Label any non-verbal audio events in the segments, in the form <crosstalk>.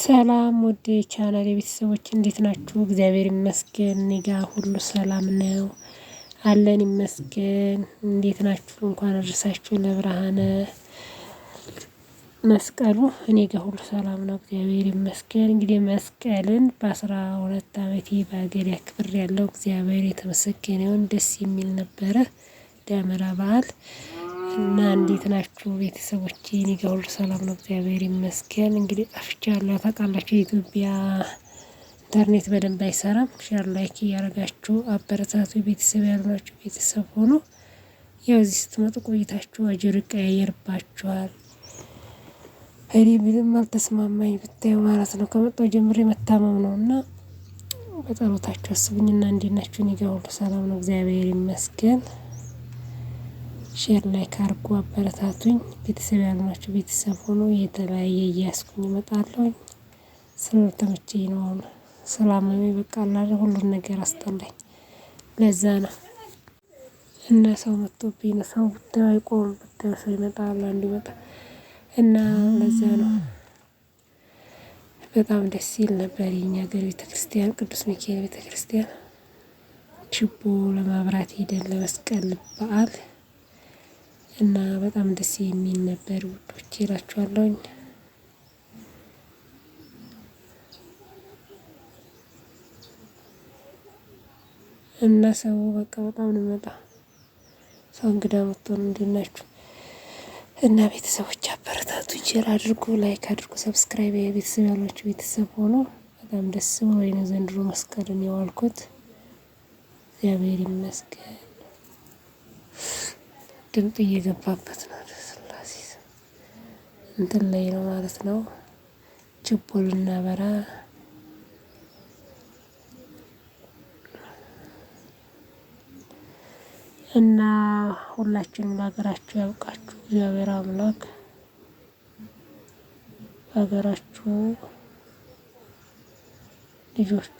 ሰላም ውድ ቻናል የቤተሰቦች እንዴት ናችሁ? እግዚአብሔር ይመስገን እኔ ጋ ሁሉ ሰላም ነው አለን ይመስገን። እንዴት ናችሁ? እንኳን አደረሳችሁ ለብርሃነ መስቀሉ። እኔ ጋ ሁሉ ሰላም ነው እግዚአብሔር ይመስገን። እንግዲህ መስቀልን በአስራ ሁለት አመቴ በሀገር ያክብር ያለው እግዚአብሔር የተመሰገነውን ደስ የሚል ነበረ ደመራ በዓል እና እንዴት ናችሁ ቤተሰቦች? እኔ ጋር ሁሉ ሰላም ነው፣ እግዚአብሔር ይመስገን። እንግዲህ ጠፍቻለሁ ታውቃላችሁ። የኢትዮጵያ ኢንተርኔት በደንብ አይሰራም። ሼር ላይክ እያደረጋችሁ አበረታቱ። ቤተሰብ ያሏችሁ ቤተሰብ ሆኖ ያው እዚህ ስትመጡ ቆይታችሁ አጅር ይቀያየርባችኋል። እኔ ምንም አልተስማማኝ ብታዩ ማለት ነው። ከመጣሁ ጀምሬ መታመም ነው እና በጸሎታችሁ አስቡኝና እንዴት ናችሁ? እኔ ጋር ሁሉ ሰላም ነው፣ እግዚአብሔር ይመስገን። ሼር ላይክ አድርጉ አበረታቱኝ። ቤተሰብ ያልናችሁ ቤተሰብ ሆኖ የተለያየ እያስኩኝ እመጣለሁ። ስኖር ነው። አሁን ሰላማዊ በቃላለ ሁሉን ነገር አስጠላኝ። ለዛ ነው እና ሰው መጥቶብኝ ነው። ሰው ብታይ አይቆም ብታይ ሰው ይመጣል፣ አንዱ ይመጣ እና ለዛ ነው በጣም ደስ ይል ነበር። የኛ ሀገር ቤተክርስቲያን ቅዱስ ሚካኤል ቤተክርስቲያን ችቦ ለማብራት ሄደን ለመስቀል በዓል እና በጣም ደስ የሚል ነበር ውዶቼ እላችኋለሁኝ። እና ሰው በቃ በጣም ንመጣ ሰው እንግዳ መጥቶ ነው። እንዴት እና ቤተሰቦች አበረታቱ፣ ሼር አድርጉ፣ ላይክ አድርጉ፣ ሰብስክራይብ ቤተሰብ ያሏችሁ ቤተሰብ ሆኖ በጣም ደስ ብሎኝ ነው ዘንድሮ መስቀልን የዋልኩት። እግዚአብሔር ይመስገን። ድምፅ እየገባበት ነው። ስላሴ እንትን ላይ ነው ማለት ነው። ችቦ ልናበራ እና ሁላችንም ለሀገራችሁ ያብቃችሁ እግዚአብሔር አምላክ ሀገራችሁ ልጆቹ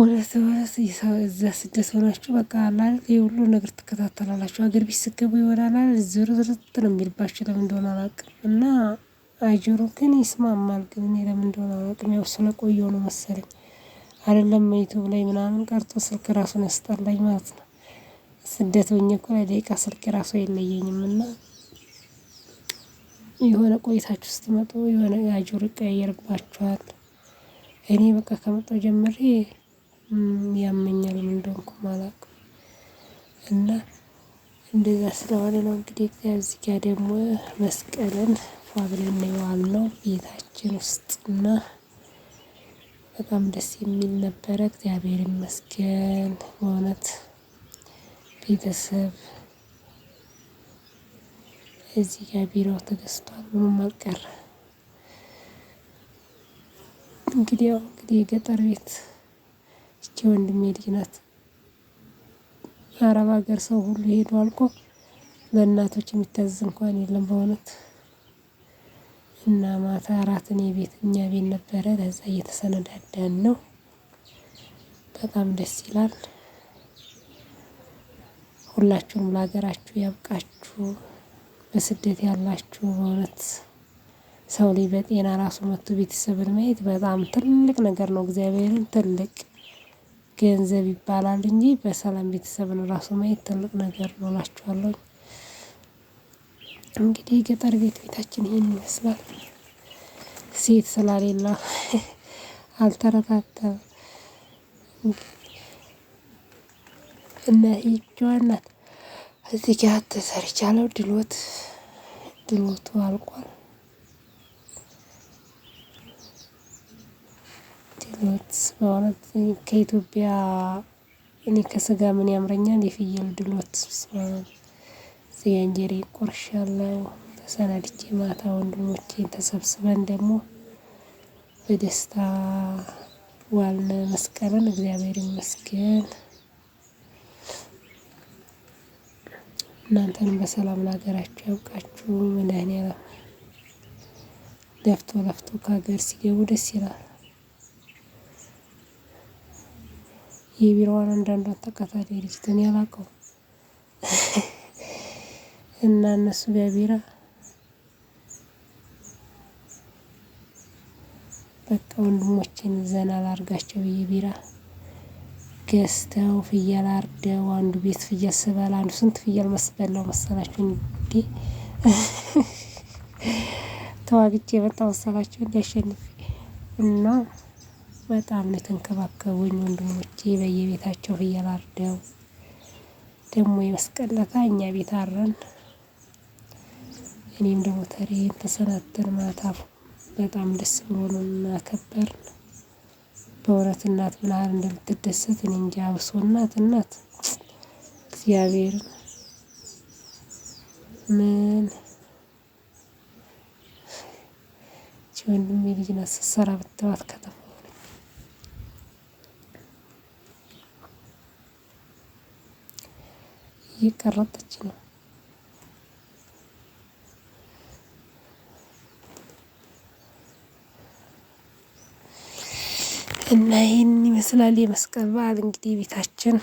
እውነት እውነት እዛ ስደት ሆናችሁ በቃ አላል የሁሉ ነገር ትከታተላላችሁ። አገር ቤት ስገቡ ይሆናላል ዝርዝርት ነው የሚልባችሁ ለምን እንደሆነ አላውቅም። እና አጀሮ ግን ይስማማል፣ ግን እኔ ለምን እንደሆነ አላውቅም። ያው ስለቆየሁ ነው መሰለኝ አይደለም ዩቱብ ላይ ምናምን ቀርቶ ስልክ ራሱን ያስጠላኝ ማለት ነው። ስደት ሆኜ እኮ ላይ ደቂቃ ስልክ ራሱ የለየኝም እና የሆነ ቆይታችሁ ስትመጡ የሆነ አጀሮ ይቀያየርባችኋል። እኔ በቃ ከመጣሁ ጀምሬ ያመኛል ምን እንደሆንኩ አላውቅም። እና እንደዛ ስለሆነ ነው እንግዲህ እዚህ ጋር ደግሞ መስቀልን ፏ ብለን የዋል ነው ቤታችን ውስጥ እና በጣም ደስ የሚል ነበረ። እግዚአብሔር ይመስገን በእውነት ቤተሰብ እዚህ ጋር ቢሮ ተገዝቷል፣ ምንም አልቀረ። እንግዲህ ያው እንግዲህ የገጠር ቤት እቺ ወንድሜ ልጅ ናት። የአረብ ሀገር ሰው ሁሉ ሄዶ አልቆ ለእናቶች የሚታዘዝ እንኳን የለም በእውነት እና ማታ አራት እኔ ቤት እኛ ቤት ነበረ። ለዛ እየተሰነዳዳን ነው። በጣም ደስ ይላል። ሁላችሁም ለሀገራችሁ ያብቃችሁ። በስደት ያላችሁ በእውነት ሰው ላይ በጤና ራሱ መጥቶ ቤተሰብን ማየት በጣም ትልቅ ነገር ነው። እግዚአብሔርን ትልቅ ገንዘብ ይባላል እንጂ በሰላም ቤተሰብን ራሱ ማየት ትልቅ ነገር ነው እላችኋለሁ። እንግዲህ የገጠር ቤት ቤታችን ይሄን ይመስላል። ሴት ስላሌላ <laughs> አልተረታተም። እና ይጇናት እዚህ ጋር ተሰርቻለሁ። ድሎት ድሎቱ አልቋል። አክሎት በእውነት ከኢትዮጵያ እኔ ከስጋ ምን ያምረኛል? የፍየል ድሎት ስጋ እንጀሬ ቆርሻለሁ። ተሰናድቼ ማታ ወንድሞቼን ተሰብስበን ደግሞ በደስታ ዋልነ መስቀልን እግዚአብሔር ይመስገን። እናንተንም በሰላም ለሀገራችሁ ያብቃችሁ። መድኃኔዓለም ለፍቶ ለፍቶ ከሀገር ሲገቡ ደስ ይላል። የቢሮዋን አንዳንዱ አጠቃታሪ ልጅትን ያላቀው እና እነሱ በቢራ በቃ ወንድሞችን ዘና ላርጋቸው ብዬ ቢራ ገዝተው ፍየል አርደው አንዱ ቤት ፍየል ስበላ አንዱ ስንት ፍየል መስበላው መሰላችሁ እንዴ? ተዋግቼ የመጣ መሰላችሁ እንዲያሸንፍ እና በጣም ነው የተንከባከቡኝ ወንድሞቼ በየቤታቸው ፍየል አርደው ደግሞ የመስቀል እኛ ቤት አረን። እኔም ደግሞ ተሬን ተሰናብተን ማታ በጣም ደስ ብሎን አከበርን። በእውነት እናት ምን ያህል እንደምትደሰት እኔ እንጃ። አብሶ እናት እናት እግዚአብሔር ምን ወንድሜ ልጅ ናት ስትሰራ ብትባት ከተማ እየቀረጠች ነው። እና ይህን ይመስላል የመስቀል በዓል እንግዲህ ቤታችን።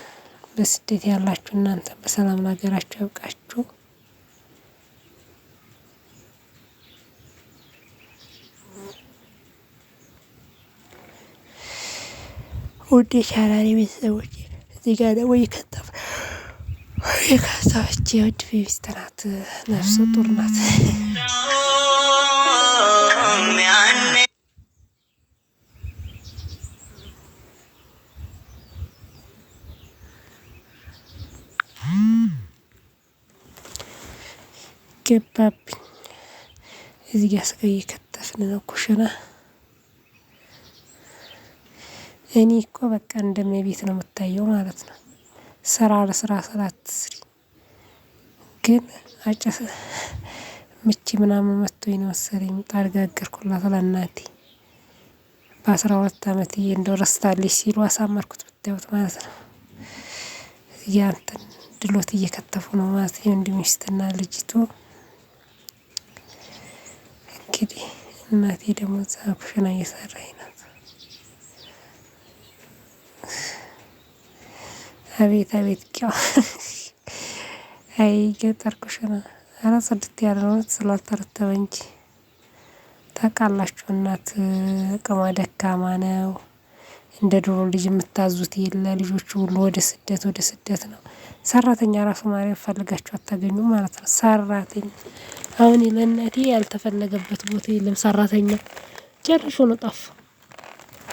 በስደት ያላችሁ እናንተ በሰላም ሀገራችሁ ያብቃችሁ። ውድ የቻናሌ ቤተሰቦች እዚህ ጋር ደግሞ የካሳች የውድ ቤቢስት ናት፣ ነፍሰ ጡር ናት። ገባብኝ። እዚህ ጋ ስጋ እየከተፍን ነው ኩሽና። እኔ እኮ በቃ እንደመቤት ነው የምታየው ማለት ነው። ስራ ለስራ ስራ ትስሪ ግን አጨሰ ምቺ ምናምን መጥቶኝ ነው መሰለኝ ምጣድ ጋገርኩላት ለእናቴ በአስራ ሁለት አመት ይሄ እንደው ረስታለች ሲሉ አሳመርኩት ብታዩት ማለት ነው። እያንተን ድሎት እየከተፉ ነው ማለት ነው። እንዲህ ሚስትና ልጅቱ እንግዲህ እናቴ ደግሞ ዛ ኩሽና እየሰራኝ ነው። አቤት አቤት ቂዋ <laughs> አይ ገጠር ኩሽና ኧረ ጽድት ያለ ነው ስላልተረተበ እንጂ ታውቃላችሁ፣ እናት አቅሟ ደካማ ነው። እንደ ድሮ ልጅ የምታዙት የለ። ልጆቹ ሁሉ ወደ ስደት ወደ ስደት ነው። ሰራተኛ ራሱ ማርያም ፈልጋችሁ አታገኙ ማለት ነው። ሰራተኛ አሁን ለእናቴ ያልተፈለገበት ቦታ የለም። ሰራተኛ ጨርሾ ነው ጠፋ።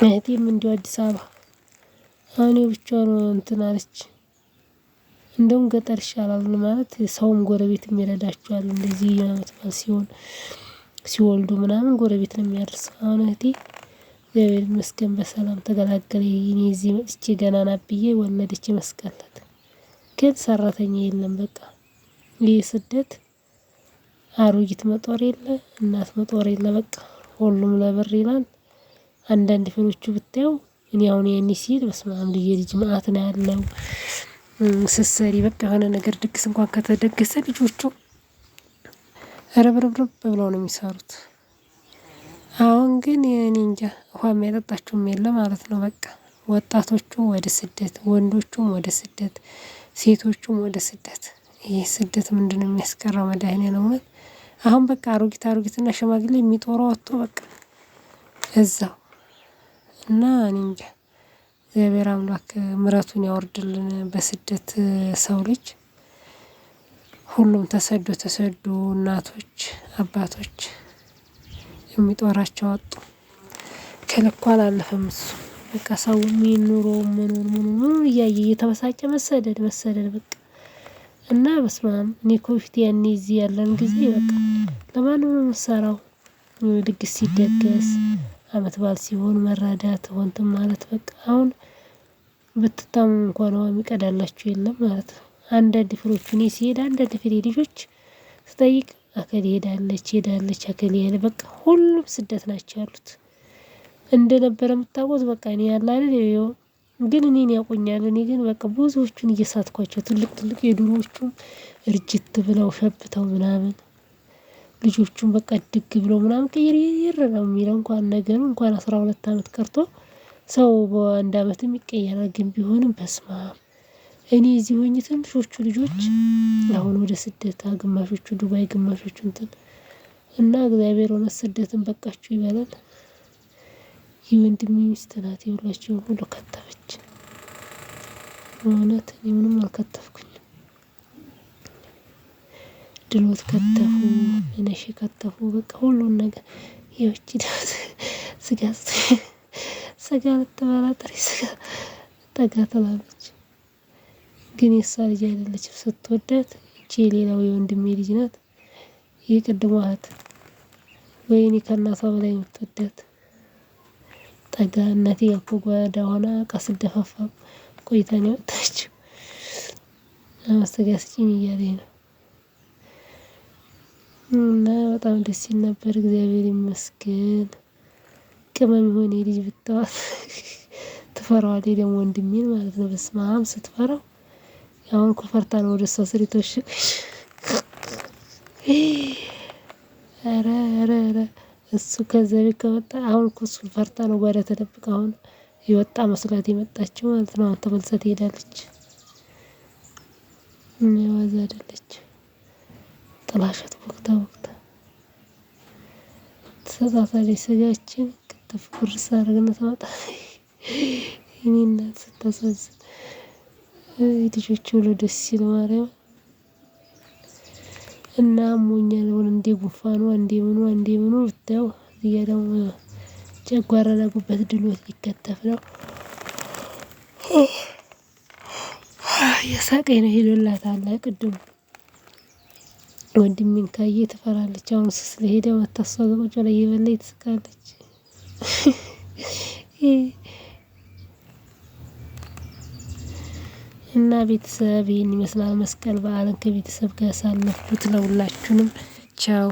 እህቴም እንዲሁ አዲስ አበባ ማን ብቻ ነው እንትን አለች። እንደውም ገጠር ይሻላል ማለት ሰውም ጎረቤት የሚረዳቸዋል። እንደዚህ የአመት በዓል ሲሆን ሲወልዱ ምናምን ጎረቤት ነው የሚያደርሰው። አሁን እህቴ እግዚአብሔር ይመስገን በሰላም ተገላገለ። እኔ እዚህ መጥቼ ገና ናት ብዬ ወለደች ይመስገናት። ግን ሰራተኛ የለም በቃ ይህ ስደት አሮጊት መጦር የለ እናት መጦር የለ በቃ ሁሉም ለብር ይላል። አንዳንድ ፊሎቹ ብታየው እኔ አሁን የኔ ሲል በስማም ልዬ ልጅ ማአት ነው ያለው። ስትሰሪ በቃ የሆነ ነገር ድግስ እንኳን ከተደገሰ ልጆቹ ርብርብርብ ብለው ነው የሚሰሩት። አሁን ግን እኔ እንጃ ውሃ የሚያጠጣችሁም የለ ማለት ነው። በቃ ወጣቶቹ ወደ ስደት ወንዶቹም ወደ ስደት ሴቶቹም ወደ ስደት ይሄ ስደት ምንድነው የሚያስቀረው? ነው ማለት አሁን በቃ አሮጊት አሮጊትና ሽማግሌ የሚጦረው ወጥቶ በቃ እዛው እና እኔ እንጃ እግዚአብሔር አምላክ ምረቱን ያወርድልን። በስደት ሰው ልጅ ሁሉም ተሰዶ ተሰዶ እናቶች፣ አባቶች የሚጦራቸው አጡ። ከልኩ አላለፈም እሱ በቃ ሰው የሚኑሮ መኖር ምኑ እያየ እየተበሳጨ መሰደድ መሰደድ በቃ እና በስማም እኔ ኮፊት በፊት ያኔ እዚህ ያለን ጊዜ በቃ ለማንም ነው የምሰራው ድግስ ሲደገስ አመት በዓል ሲሆን መረዳት እንትን ማለት በቃ አሁን ብትታመም እንኳን ውሃ የሚቀዳላችሁ የለም ማለት ነው። አንዳንድ ፍሬዎቹ እኔ ስሄድ አንዳንድ ፍሬ ልጆች ስጠይቅ አከሌ ሄዳለች ሄዳለች አከሌ ያለ በቃ ሁሉም ስደት ናቸው ያሉት። እንደነበረ የምታውቁት በቃ እኔ አለ አይደል ግን እኔን ያውቁኛል እኔ ግን በቃ ብዙዎቹን እየሳትኳቸው ትልቅ ትልቅ የድሮዎቹም እርጅት ብለው ሸብተው ምናምን ልጆቹን በቃ ድግ ብሎ ምናምን ቅይርይር ነው የሚለው እንኳን ነገሩ እንኳን አስራ ሁለት አመት ቀርቶ ሰው በአንድ አመትም ይቀየራል። ግን ቢሆንም በስማ እኔ እዚህ ሆኜ ትንሾቹ ልጆች አሁን ወደ ስደት ግማሾቹ ዱባይ ግማሾቹ እንትን እና እግዚአብሔር ሆነ ስደትን በቃችሁ ይበላል። የወንድሜ ሚስት ናት የሁላችንም ሁሉ ከተፈች። እውነት እኔ ምንም አልከተፍኩኝ ድሎት ከተፉ፣ ነነሽ ከተፉ፣ በቃ ሁሉን ነገር ይህቺ ደስ ስጋ ስጋ ልትበላ ጥሪ ስጋ ጠጋ ትላለች። ግን የእሷ ልጅ አይደለችም ስትወዳት። እቺ የሌላው የወንድሜ ልጅ ናት። የቅድሟ እህት ወይኔ ከእናቷ በላይ የምትወዳት ጠጋ እናቴ ያኮ ጓዳ ሆና እቃ ስደፋፋም ቆይታን ያወጣችው አመስተጋ ስጭኝ እያለኝ ነው። እና በጣም ደስ ይል ነበር እግዚአብሔር ይመስገን። ቅመም የሆነ ልጅ ብትተዋት <laughs> ትፈራዋለች ደግሞ ወንድሜን ማለት ነው በስመ በስመአብ ስትፈራው አሁን እኮ ነው ወደ እሷ ስር የተወሸቀች። <laughs> ኧረ ኧረ ኧረ እሱ ከዛ ቤት ከወጣ አሁን እኮ እሱን ፈርታ ነው ጓዳ ተደብቀ አሁን የወጣ መስሏት የመጣችው ማለት ነው። አሁን ተመልሳ ትሄዳለች። ዋዛ አይደለችም። ጥላሸት ወቅታ ወቅታ ትሰጣታለች። ስጋችን ክትፍ ጉርስ አድርገን ታወጣለች። የኔ እናት ስታሳዝን ልጆች ብሎ ደስ ሲል ማርያም እና አሞኛል ብሎ እንዴ ጉንፋኗ እንዴ ምኑ እንዴ ምኑ ብታየው እያ ደግሞ ጨጓራና ጉበት ድሎት ሊከተፍ ነው። የሳቀኝ ነው ሄዶላታል ቅድም ወንድሜን ካየ ትፈራለች። አሁን እሱ ስለሄደ መታ እሷ ላይ እየበላኝ ትስቃለች። እና ቤተሰብ ይህን ይመስላል መስቀል በዓልን ከቤተሰብ ጋር ያሳለፍኩት። ለሁላችሁንም ቻው